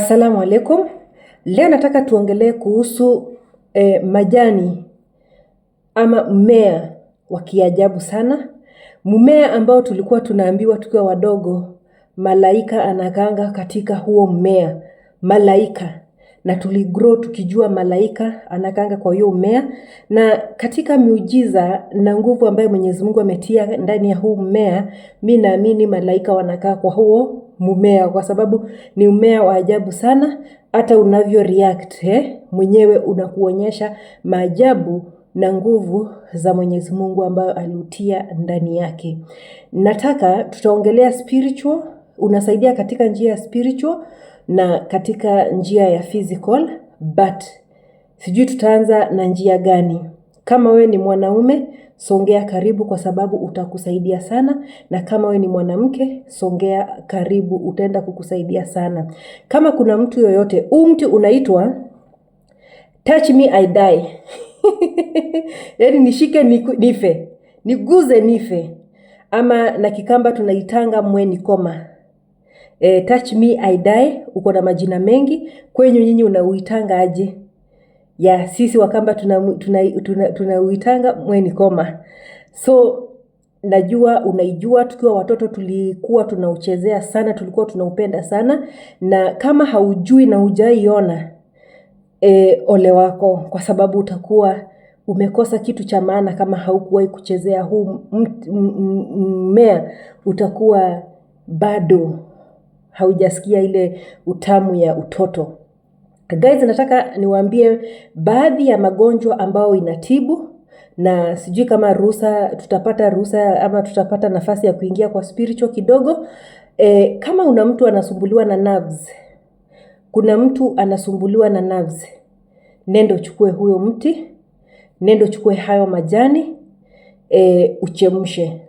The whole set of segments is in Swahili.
Assalamu alaikum. Leo nataka tuongelee kuhusu eh, majani ama mmea wa kiajabu sana, mmea ambao tulikuwa tunaambiwa tukiwa wadogo, malaika anakanga katika huo mmea malaika, na tuligrow tukijua malaika anakanga kwa hiyo mmea, na katika miujiza na nguvu ambayo Mwenyezi Mungu ametia ndani ya huu mmea, mi naamini malaika wanakaa kwa huo mmea kwa sababu ni mmea wa ajabu sana, hata unavyo react eh, mwenyewe unakuonyesha maajabu na nguvu za Mwenyezi Mungu ambayo aliutia ndani yake. Nataka tutaongelea spiritual, unasaidia katika njia ya spiritual na katika njia ya physical, but sijui tutaanza na njia gani? Kama wewe ni mwanaume, songea karibu kwa sababu utakusaidia sana, na kama wewe ni mwanamke, songea karibu, utaenda kukusaidia sana. Kama kuna mtu yoyote, huu mti unaitwa touch me I die yaani nishike nife, niguze nife, ama na Kikamba tunaitanga mweni koma. E, eh, touch me I die uko na majina mengi kwenyu nyinyi unauitanga aje? ya sisi Wakamba tunauitanga tuna, tuna, tuna mweni koma. So najua unaijua, tukiwa watoto tulikuwa tunauchezea sana, tulikuwa tunaupenda sana, na kama haujui na hujaiona e, ole wako, kwa sababu utakuwa umekosa kitu cha maana kama haukuwahi kuchezea huu mmea, utakuwa bado haujasikia ile utamu ya utoto. Guys, nataka niwaambie baadhi ya magonjwa ambayo inatibu na sijui kama ruhusa tutapata ruhusa ama tutapata nafasi ya kuingia kwa spiritual kidogo. E, kama una mtu anasumbuliwa na nerves, kuna mtu anasumbuliwa na nerves, nendo chukue huyo mti, nendo chukue hayo majani e, uchemshe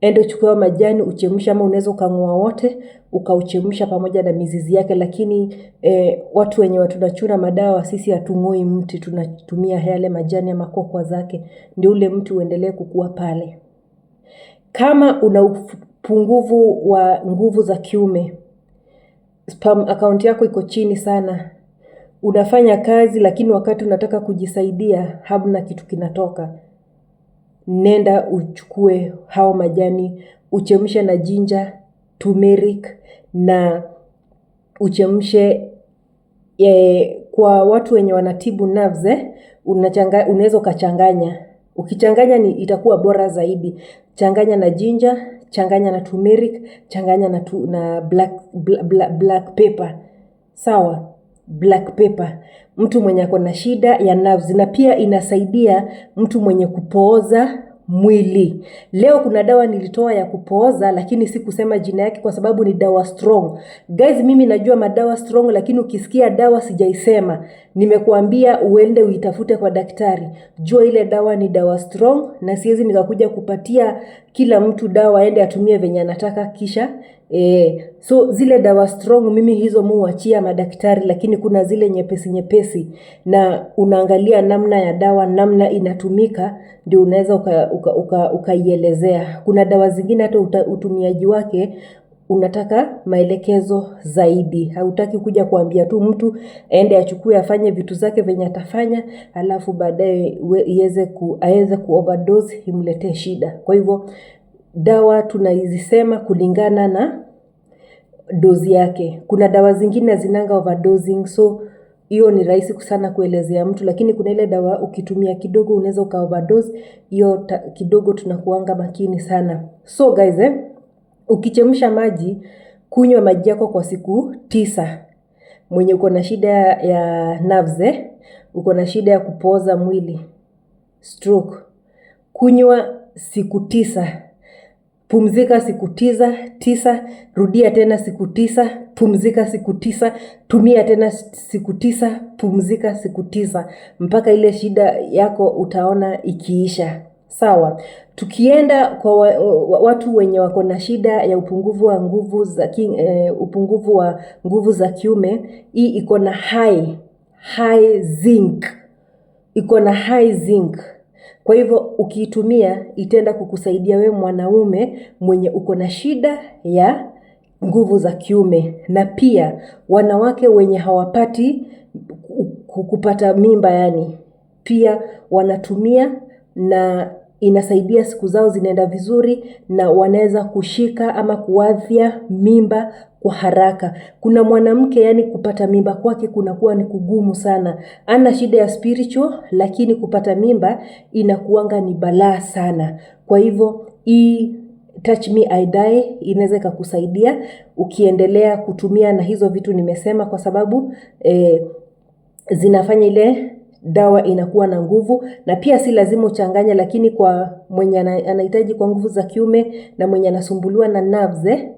Ende uchukue majani uchemshe, ama unaweza ukang'oa wote ukauchemsha pamoja na mizizi yake. Lakini e, watu wenye tunachuna madawa sisi hatung'oi mti, tunatumia yale majani ama kokwa zake, ndio ule mti uendelee kukua pale. Kama una upungufu wa nguvu za kiume, sperm akaunti yako iko chini sana, unafanya kazi lakini wakati unataka kujisaidia hamna kitu kinatoka nenda uchukue hao majani uchemshe na jinja turmeric na uchemshe e, kwa watu wenye wanatibu nerves eh, unaweza ukachanganya. Ukichanganya ni itakuwa bora zaidi. Changanya na jinja changanya na turmeric, changanya na, tu, na black, black, black pepper. Sawa black pepper mtu mwenye ako na shida ya nerves, na pia inasaidia mtu mwenye kupooza mwili. Leo kuna dawa nilitoa ya kupooza, lakini sikusema jina yake kwa sababu ni dawa strong. Guys, mimi najua madawa strong, lakini ukisikia dawa sijaisema, nimekuambia uende uitafute kwa daktari. Jua ile dawa ni dawa strong, na siwezi nikakuja kupatia kila mtu dawa aende atumie venye anataka kisha E, so zile dawa strong mimi hizo muachia madaktari, lakini kuna zile nyepesi nyepesi, na unaangalia namna ya dawa, namna inatumika, ndio unaweza ukaielezea uka, uka, uka. Kuna dawa zingine hata utumiaji wake unataka maelekezo zaidi, hautaki kuja kuambia tu mtu aende achukue afanye vitu zake venye atafanya, alafu baadaye aweze kuoverdose imletee shida. Kwa hivyo dawa tunaizisema kulingana na dozi yake. Kuna dawa zingine zinanga overdosing, so hiyo ni rahisi sana kuelezea mtu, lakini kuna ile dawa ukitumia kidogo unaweza uka overdose. Hiyo kidogo tunakuanga makini sana. So guys eh, ukichemsha maji, kunywa maji yako kwa siku tisa. Mwenye uko na shida ya nerves eh, uko na shida ya kupooza mwili, stroke, kunywa siku tisa pumzika siku tisa tisa, rudia tena siku tisa, pumzika siku tisa, tumia tena siku tisa, pumzika siku tisa, mpaka ile shida yako utaona ikiisha. Sawa. Tukienda kwa wa, wa, watu wenye wako na shida ya upungufu wa nguvu za ki, eh, upungufu wa nguvu za kiume, hii iko na high high zinc, iko na high zinc kwa hivyo ukiitumia itaenda kukusaidia we mwanaume mwenye uko na shida ya nguvu za kiume, na pia wanawake wenye hawapati kupata mimba, yani pia wanatumia na inasaidia siku zao zinaenda vizuri na wanaweza kushika ama kuwadhia mimba kwa haraka. Kuna mwanamke yani, kupata mimba kwake kunakuwa ni kugumu sana, ana shida ya spiritual, lakini kupata mimba inakuanga ni balaa sana. Kwa hivyo hii Touch Me I Die inaweza ikakusaidia ukiendelea kutumia na hizo vitu nimesema, kwa sababu eh, zinafanya ile dawa inakuwa na nguvu, na pia si lazima uchanganya, lakini kwa mwenye anahitaji kwa nguvu za kiume na mwenye anasumbuliwa na nerves eh,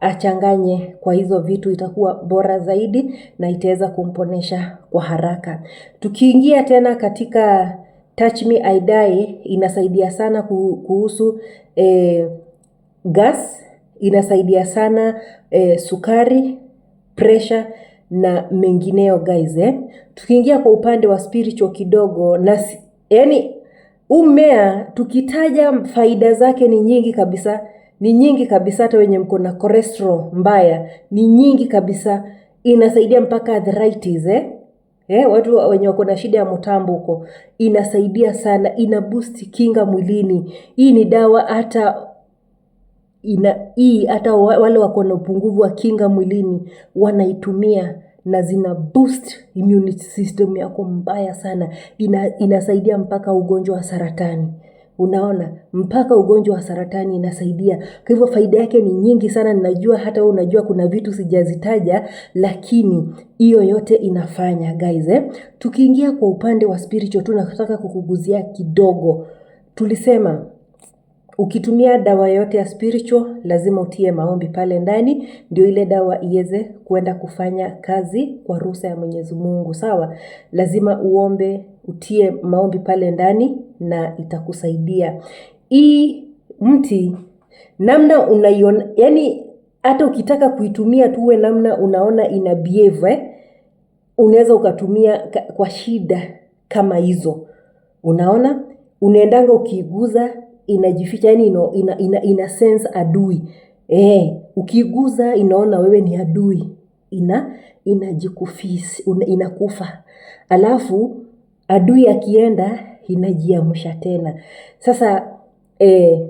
achanganye kwa hizo vitu, itakuwa bora zaidi na itaweza kumponesha kwa haraka. Tukiingia tena katika Touch Me I Die, inasaidia sana kuhusu eh, gas inasaidia sana eh, sukari, pressure na mengineo guys eh tukiingia kwa upande wa spiritual kidogo na yani, huu mmea tukitaja faida zake ni nyingi kabisa, ni nyingi kabisa. Hata wenye mko na cholesterol mbaya ni nyingi kabisa, inasaidia mpaka arthritis eh? Eh, watu wenye wako na shida ya mtambo huko inasaidia sana, ina boost kinga mwilini. Hii ni dawa hata ina hii hata wale wako na upungufu wa kinga mwilini wanaitumia na zina boost immune system yako mbaya sana. Ina, inasaidia mpaka ugonjwa wa saratani. Unaona, mpaka ugonjwa wa saratani inasaidia. Kwa hivyo faida yake ni nyingi sana. Ninajua hata wewe unajua kuna vitu sijazitaja, lakini hiyo yote inafanya guys, eh. Tukiingia kwa upande wa spiritual tu nataka kukuguzia kidogo. Tulisema Ukitumia dawa yote ya spiritual lazima utie maombi pale ndani, ndio ile dawa iweze kuenda kufanya kazi kwa ruhusa ya Mwenyezi Mungu. Sawa, lazima uombe, utie maombi pale ndani na itakusaidia hii mti namna unaiona, yani hata ukitaka kuitumia tu we namna unaona ina behave eh, unaweza ukatumia kwa shida kama hizo. Unaona, unaendanga ukiiguza inajificha yani ina, ina, ina, ina sense adui eh, ukiguza inaona wewe ni adui ina inajikufisi inakufa, alafu adui akienda inajiamsha tena. Sasa eh,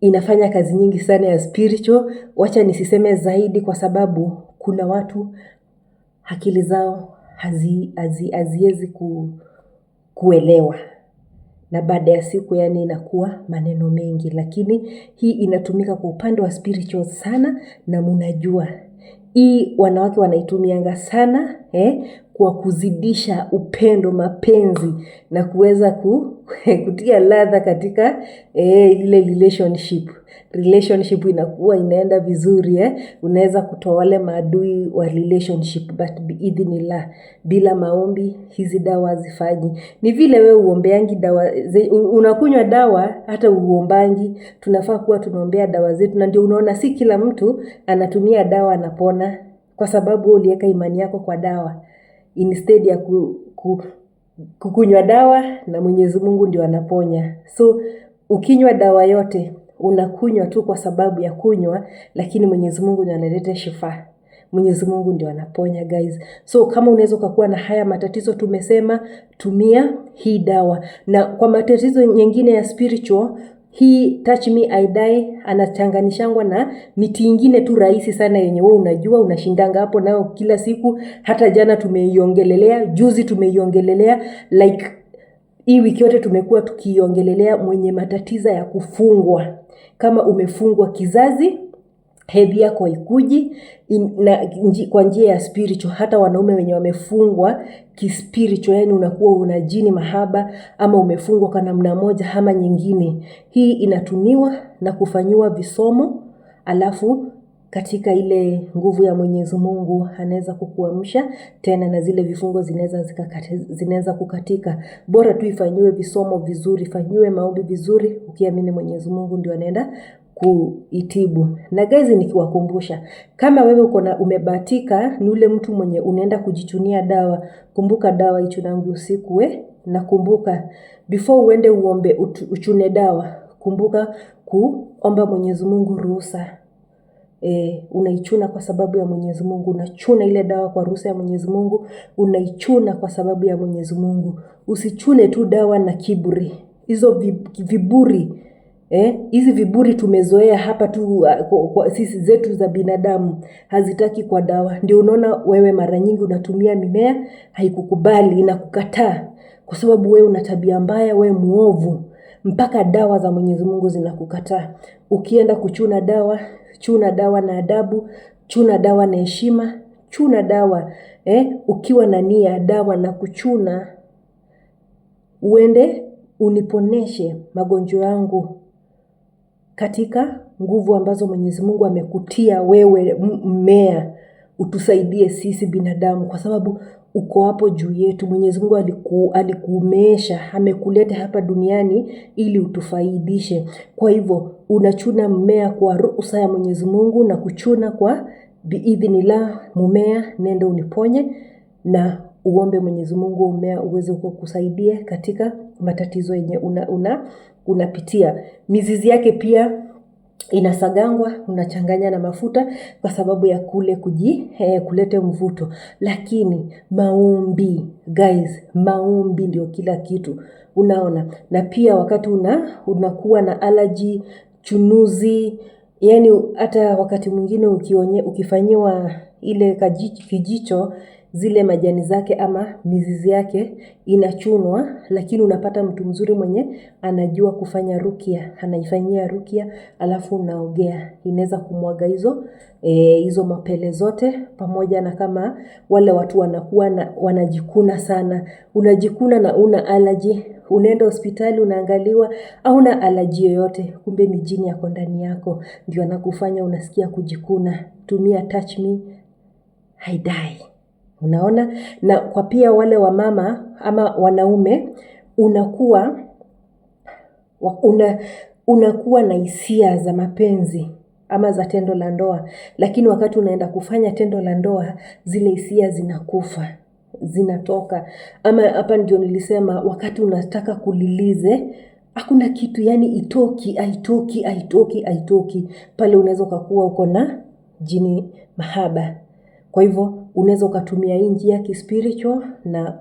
inafanya kazi nyingi sana ya spiritual. Wacha nisiseme zaidi, kwa sababu kuna watu akili zao haziwezi hazi, hazi ku, kuelewa na baada ya siku yaani inakuwa maneno mengi, lakini hii inatumika kwa upande wa spiritual sana na mnajua hii wanawake wanaitumianga sana eh, kwa kuzidisha upendo, mapenzi na kuweza ku, kutia ladha katika eh, ile relationship relationship inakuwa inaenda vizuri eh? Unaweza kutoa wale maadui wa relationship but biidhinillah, bila maombi hizi dawa hazifanyi. Ni vile wewe uombeangi dawa, unakunywa dawa hata uombangi. Tunafaa kuwa tunaombea dawa zetu, na ndio unaona si kila mtu anatumia dawa anapona kwa sababu uliweka imani yako kwa dawa instead ya ku, ku, kukunywa dawa na mwenyezi mungu ndio anaponya so ukinywa dawa yote unakunywa tu kwa sababu ya kunywa lakini mwenyezi mungu ndio analeta shifaa mwenyezi mungu ndio anaponya guys so kama unaweza ukakuwa na haya matatizo tumesema tumia hii dawa na kwa matatizo nyingine ya spiritual hii touch me I die anachanganishangwa na miti ingine tu rahisi sana yenye wewe unajua unashindanga hapo nayo kila siku. Hata jana tumeiongelelea, juzi tumeiongelelea, like hii wiki yote tumekuwa tukiiongelelea mwenye matatizo ya kufungwa. Kama umefungwa kizazi, hedhi yako haikuji kwa njia ya spiritual. Hata wanaume wenye wamefungwa kispiritual, yani unakuwa una jini mahaba ama umefungwa kwa namna moja ama nyingine, hii inatumiwa na kufanyiwa visomo, alafu katika ile nguvu ya Mwenyezi Mungu anaweza kukuamsha tena, na zile vifungo zinaweza zinaweza kukatika. Bora tu ifanyiwe visomo vizuri, fanyiwe maombi vizuri, ukiamini Mwenyezi Mungu ndio anaenda kuitibu. Na guys, nikiwakumbusha kama wewe uko na umebatika ni ule mtu mwenye unaenda kujichunia dawa, kumbuka dawa ichunangu usiku we, na kumbuka before uende uombe uchune dawa, kumbuka kuomba Mwenyezi Mungu ruhusa. E, unaichuna kwa sababu ya Mwenyezi Mungu, unachuna ile dawa kwa ruhusa ya Mwenyezi Mungu, unaichuna kwa sababu ya Mwenyezi Mungu. Usichune tu dawa na kiburi, hizo viburi Eh? hizi eh, viburi tumezoea hapa tu uh, kwa, kwa, sisi zetu za binadamu hazitaki kwa dawa. Ndio unaona wewe mara nyingi unatumia mimea, haikukubali kukataa kwa sababu wewe una tabia mbaya, wewe muovu, mpaka dawa za Mwenyezi Mungu zinakukataa. Ukienda kuchuna dawa, chuna dawa na adabu, chuna dawa na heshima, chuna dawa eh, ukiwa na nia dawa na kuchuna, uende uniponeshe magonjwa yangu katika nguvu ambazo Mwenyezi Mungu amekutia wewe mmea, utusaidie sisi binadamu, kwa sababu uko hapo juu yetu. Mwenyezi Mungu aliku, alikuumesha amekuleta hapa duniani ili utufaidishe. Kwa hivyo unachuna mmea kwa ruhusa ya Mwenyezi Mungu na kuchuna kwa la mmea nenda uniponye na uombe Mwenyezi Mungu mmea uweze kukusaidia katika matatizo yenye una, una unapitia. Mizizi yake pia inasagangwa unachanganya na mafuta kwa sababu ya kule kuji eh, kulete mvuto. Lakini maombi guys, maombi ndio kila kitu, unaona. Na pia wakati una unakuwa na alaji chunuzi, yani hata wakati mwingine ukionye ukifanyiwa ile kijicho zile majani zake ama mizizi yake inachunwa, lakini unapata mtu mzuri mwenye anajua kufanya rukia, anaifanyia rukia alafu unaogea, inaweza kumwaga hizo e, hizo mapele zote pamoja na kama wale watu wanakuwa na, wanajikuna sana, unajikuna na una allergy unaenda hospitali unaangaliwa hauna alaji yoyote, kumbe ni jini yako ndani yako ndio anakufanya unasikia kujikuna. Tumia Touch Me Haidai. Unaona? Na kwa pia wale wamama ama wanaume unakuwa una unakuwa na hisia za mapenzi ama za tendo la ndoa lakini wakati unaenda kufanya tendo la ndoa zile hisia zinakufa zinatoka ama hapa ndio nilisema wakati unataka kulilize hakuna kitu yani itoki aitoki aitoki aitoki pale unaweza ukakuwa uko na jini mahaba kwa hivyo unaweza ukatumia hii njia kispiritual na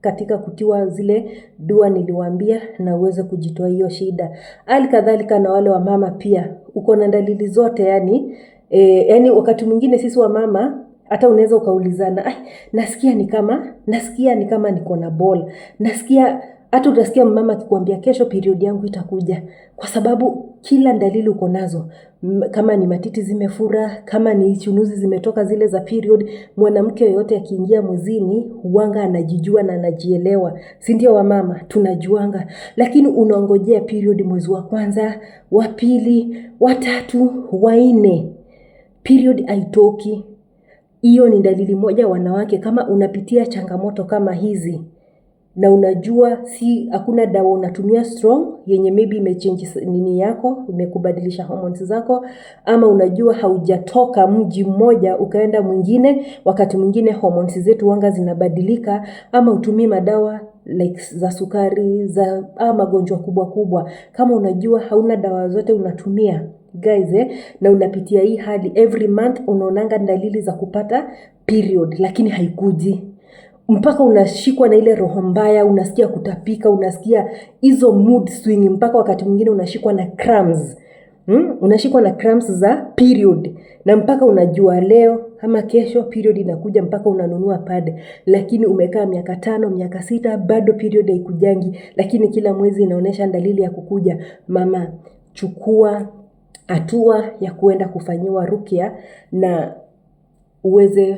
katika kutiwa zile dua niliwaambia na uweze kujitoa hiyo shida. Hali kadhalika na wale wamama pia uko na dalili zote yani, e, yani wakati mwingine sisi wamama hata unaweza ukaulizana, nasikia ni kama nasikia ni kama niko na ball, nasikia hata utasikia mama akikwambia kesho period yangu itakuja, kwa sababu kila dalili uko nazo, kama ni matiti zimefura, kama ni chunuzi zimetoka zile za period. Mwanamke yoyote akiingia mwezini huanga anajijua na anajielewa, si ndio? Wamama tunajuanga, lakini unaongojea period mwezi wa kwanza, wa pili, wa tatu, wa nne, period aitoki Hiyo ni dalili moja. Wanawake, kama unapitia changamoto kama hizi na unajua si hakuna dawa unatumia strong yenye maybe imechange nini yako imekubadilisha hormones zako, ama unajua haujatoka mji mmoja ukaenda mwingine. Wakati mwingine hormones zetu wanga zinabadilika, ama utumii madawa like za sukari za ama magonjwa kubwa kubwa. Kama unajua hauna dawa zote unatumia guys eh, na unapitia hii hali every month unaonanga dalili za kupata period, lakini haikuji mpaka unashikwa na ile roho mbaya, unasikia kutapika, unasikia hizo mood swing, mpaka wakati mwingine unashikwa na cramps. Hmm? Unashikwa na cramps za period na mpaka unajua leo ama kesho period inakuja, mpaka unanunua pad, lakini umekaa miaka tano miaka sita bado period haikujangi, lakini kila mwezi inaonyesha dalili ya kukuja. Mama, chukua hatua ya kuenda kufanyiwa rukia na uweze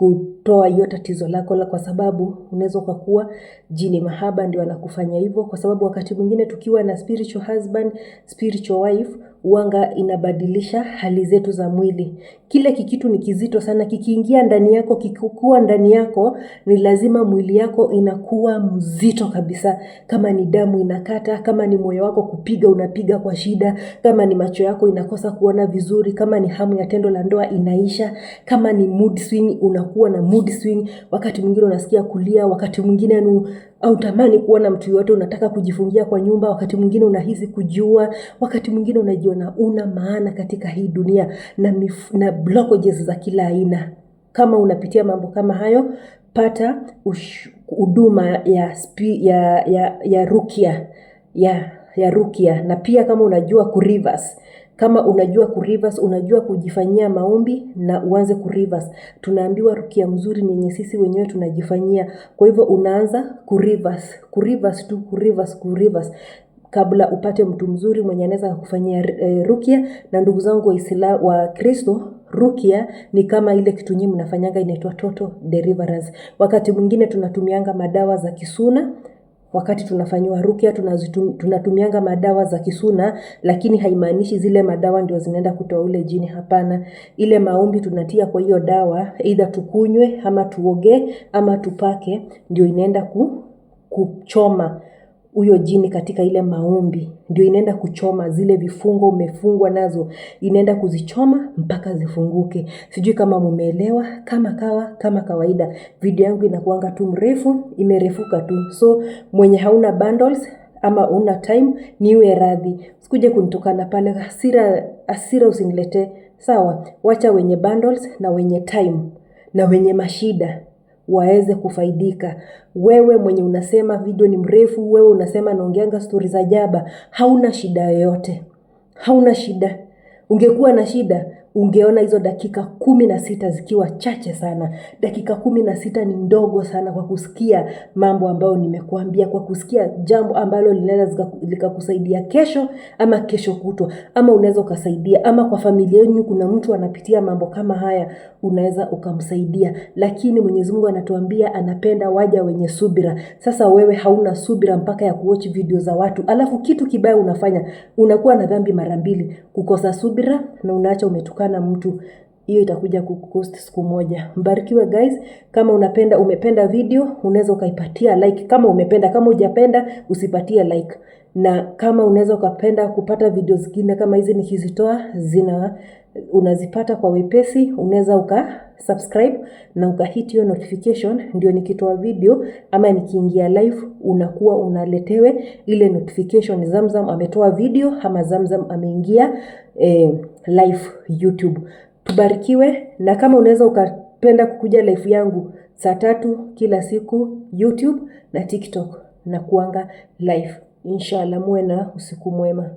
kutoa hiyo tatizo lako la, kwa sababu unaweza ukakuwa jini mahaba ndio anakufanya hivyo, kwa sababu wakati mwingine tukiwa na spiritual husband, spiritual wife wanga inabadilisha hali zetu za mwili. Kile kikitu ni kizito sana, kikiingia ndani yako, kikikuwa ndani yako, ni lazima mwili yako inakuwa mzito kabisa. Kama ni damu inakata, kama ni moyo wako kupiga unapiga kwa shida, kama ni macho yako inakosa kuona vizuri, kama ni hamu ya tendo la ndoa inaisha, kama ni mood swing unakuwa na mood swing, wakati mwingine unasikia kulia, wakati mwingine hautamani kuona mtu yoyote, unataka kujifungia kwa nyumba. Wakati mwingine unahisi kujua wakati mwingine unajiona una maana katika hii dunia na, mif, na blockages za kila aina. Kama unapitia mambo kama hayo, pata huduma ya, ya, ya, ya rukia ya, ya rukia, na pia kama unajua ku kama unajua kureverse, unajua kujifanyia maombi na uanze kureverse. Tunaambiwa rukia mzuri ni yenye sisi wenyewe tunajifanyia. Kwa hivyo unaanza kureverse, kureverse tu, kureverse, kureverse kabla upate mtu mzuri mwenye anaweza kufanyia e, eh, rukia. Na ndugu zangu Waislamu wa Kristo, rukia ni kama ile kitu nyinyi mnafanyanga inaitwa total deliverance. Wakati mwingine tunatumianga madawa za kisuna wakati tunafanyiwa rukia tunatumianga madawa za kisuna, lakini haimaanishi zile madawa ndio zinaenda kutoa ule jini. Hapana, ile maombi tunatia kwa hiyo dawa, either tukunywe ama tuoge ama tupake, ndio inaenda kuchoma huyo jini katika ile maombi, ndio inaenda kuchoma zile vifungo umefungwa nazo, inaenda kuzichoma mpaka zifunguke. Sijui kama mumeelewa. Kama kawa kama kawaida, video yangu inakuanga tu mrefu, imerefuka tu, so mwenye hauna bundles ama una time niwe radhi, sikuje kunitukana pale. Hasira hasira usiniletee, sawa? Wacha wenye bundles na wenye time na wenye mashida waweze kufaidika. Wewe mwenye unasema video ni mrefu, wewe unasema naongeanga stori za jaba, hauna shida yoyote, hauna shida. Ungekuwa na shida ungeona hizo dakika kumi na sita zikiwa chache sana. Dakika kumi na sita ni ndogo sana kwa kusikia mambo ambayo nimekuambia, kwa kusikia jambo ambalo linaweza likakusaidia kesho ama kesho kutwa, ama unaweza ukasaidia, ama kwa familia yenyu kuna mtu anapitia mambo kama haya, unaweza ukamsaidia. Lakini Mwenyezi Mungu anatuambia anapenda waja wenye subira. Sasa wewe hauna subira mpaka ya kuwatch video za watu, alafu kitu kibaya unafanya, unakuwa na dhambi mara mbili, kukosa subira na unaacha umetuka kumtukana mtu hiyo itakuja kukost siku moja. Mbarikiwe guys, kama unapenda umependa video unaweza ukaipatia like, kama umependa. Kama hujapenda usipatie like, na kama unaweza ukapenda kupata video zingine kama hizi nikizitoa, zina unazipata kwa wepesi, unaweza uka subscribe na ukahit hiyo notification, ndio nikitoa video ama nikiingia live unakuwa unaletewe ile notification, Zamzam ametoa video ama Zamzam ameingia eh, live YouTube. Tubarikiwe, na kama unaweza ukapenda kukuja live yangu saa tatu kila siku YouTube na TikTok na kuanga live. Inshallah, muwe na usiku mwema.